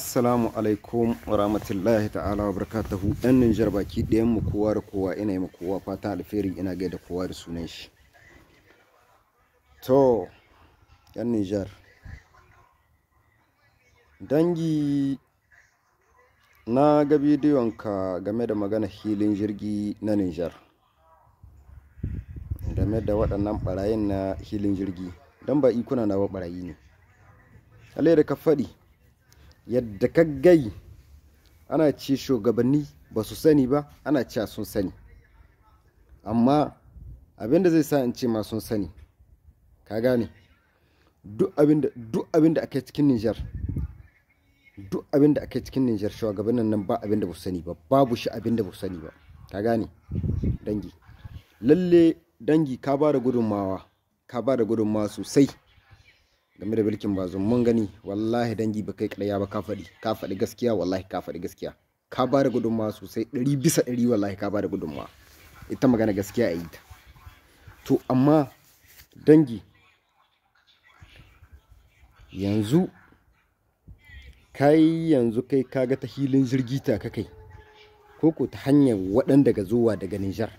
Assalamu alaikum wa rahmatullahi ta'ala wa barakatuhu ɗan Nijar baki ɗayan mu kowa da kowa ina yi kowa fata alferi ina da kowa da sunan shi. To, ɗan Nijar. Dangi na ga bidiyon ka game da magana hilin jirgi na Nijar. Game da waɗannan ɓarayin na hilin jirgi, don ba ikuna na ba ɓarayi ne. Alai da ka faɗi. yadda ka gai ana ce shugabanni ba su sani ba ana cewa sun sani amma abin da zai sa in ce ma sun sani ka gane duk abin da aka cikin nijar duk abin da aka cikin nijar shugabannin nan ba abin da ba su sani ba babu shi abin da ba su sani ba ka gane dangi lalle dangi ka ba da gudunmawa ka ba da gudunmawa sosai game da bilkin zan mun gani wallahi dangi ba kai kadaya ba ka faɗi ka faɗi gaskiya wallahi ka faɗi gaskiya ka ba da gudunmawa sosai ɗari bisa ɗari wallahi ka ba da gudunmawa ita magana gaskiya a yi ta to amma dangi yanzu kai yanzu kai kaga ta hilin jirgi ta kakai ko ko ta hanyar waɗanda ga zuwa daga Nijar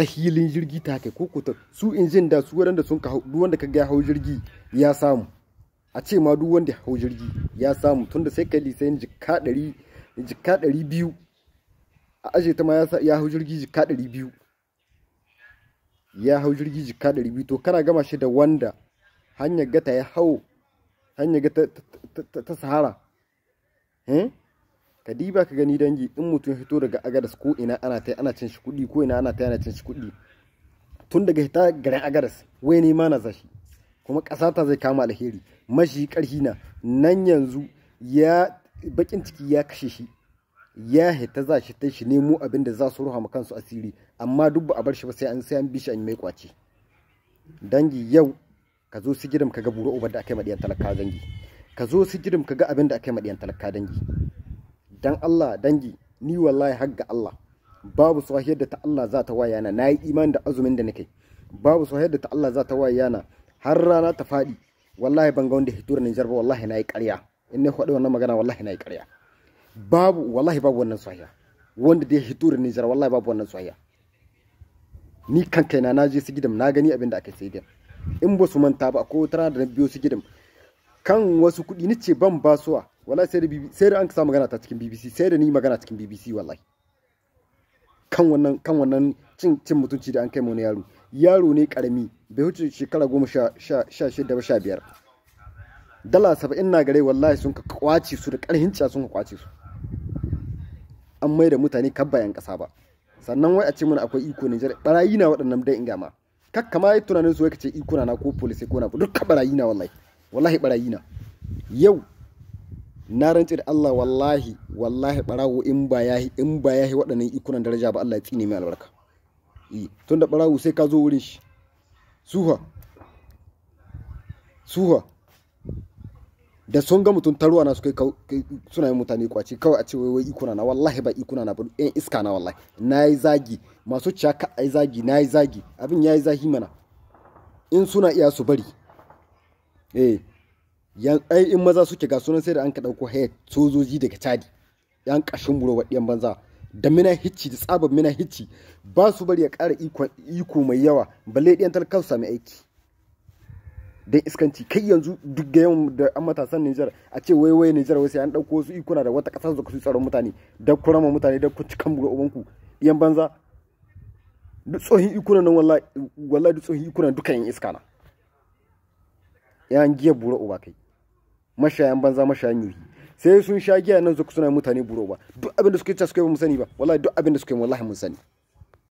ta hilin jirgi ta kai ko kuta su injin da su waɗanda sun ka duk wanda ka ga hau jirgi ya samu a ce ma duk wanda hau jirgi ya samu tunda sai kai lisayin jikka ɗari jikka ɗari biyu a aje ta ma ya hau jirgi jikka ɗari biyu ya hau jirgi jikka ɗari biyu to kana gama shi da wanda hanyar gata ya hau hanyar gata ta sahara eh ka diba ka gani dangi in mutum hito daga agadas ko ina ana ta ana cin shi kuɗi ko ina ana ta ana cin shi kuɗi tun daga hita garin agadas wai ne ma na zashi kuma ƙasa ta zai kama alheri mashi ƙarhi na nan yanzu ya bakin ciki ya kashe shi ya hita za shi ta shi nemo abin da za su ruha kansu asiri amma duk ba a bar shi ba sai an sai an bi shi an mai kwace dangi yau ka zo su ka ga buru ubar da aka yi madiyan talaka dangi ka zo su ka ga abin da aka yi madiyan talaka dangi dan Allah dangi ni wallahi har ga Allah babu sahiyar da ta Allah za ta waya na nayi imani da azumin da nake babu sahiyar da ta Allah za ta waya na har rana ta fadi wallahi ban ga wanda hitur nan jarba wallahi nayi ƙarya in ne faɗi wannan magana wallahi nayi ƙarya babu wallahi babu wannan sahiya wanda da nan jarba wallahi babu wannan sahiya ni kan kaina na je su gidan na gani abin da aka sai gidan in ba su manta ba ko tara da na biyo su gidan kan wasu kuɗi ni ce ban basuwa wallahi sai da sai da an sa magana ta cikin BBC sai da ni magana cikin BBC wallahi kan wannan kan wannan cin cin mutunci da an kai mana yaro yaro ne karami bai huce shekara goma sha sha shida sha biyar dala 70 na gare wallahi sun ka kwace su da karhin ciya sun ka kwace su an mai da mutane kan bayan kasa ba sannan wai a ce mana akwai iko Nijar barayi na waɗannan dai inga ma kak kama yi tunanin su wai ka ce iko na ko police ko na duk barayi na wallahi wallahi barayi na yau na rantse da Allah wallahi wallahi barawo in ba yahi in ba yahi waɗannan ikunan daraja ba Allah ya tsine mai albarka tun da barawo sai ka zo wurin shi suha suha da sun ga mutum taruwa na su kai suna yin mutane kwaci kawai a ce wai wai ikuna na wallahi ba ikuna na ba in iska na wallahi na yi zagi masu ka ai zagi na yi zagi abin ya yi zahi mana in suna iya su bari eh yan ai in maza suke ga sunan sai da an ka dauko head sojoji daga tadi yan kashin buro wadiyan banza da mina hicci da tsabar mina hicci ba su bari ya kara iko mai yawa balle ɗiyan talakar sami aiki don iskanci kai yanzu duk da yawan da an matasan Nijar a ce wai wai Nijar wasu an su wasu ikuna da wata ƙasar su tsaron mutane da kurama mutane da ku cikan buga ku yan banza duk tsohin ikuna nan wallahi duk tsohin ikuna duka yan iska na yan giya buro uba kai mashayan banza mashayan yuhi sai sun sha giya nan zuku suna mutane buro ba duk abinda da suke ta suke ba musani ba wallahi duk abinda da suke wallahi mun sani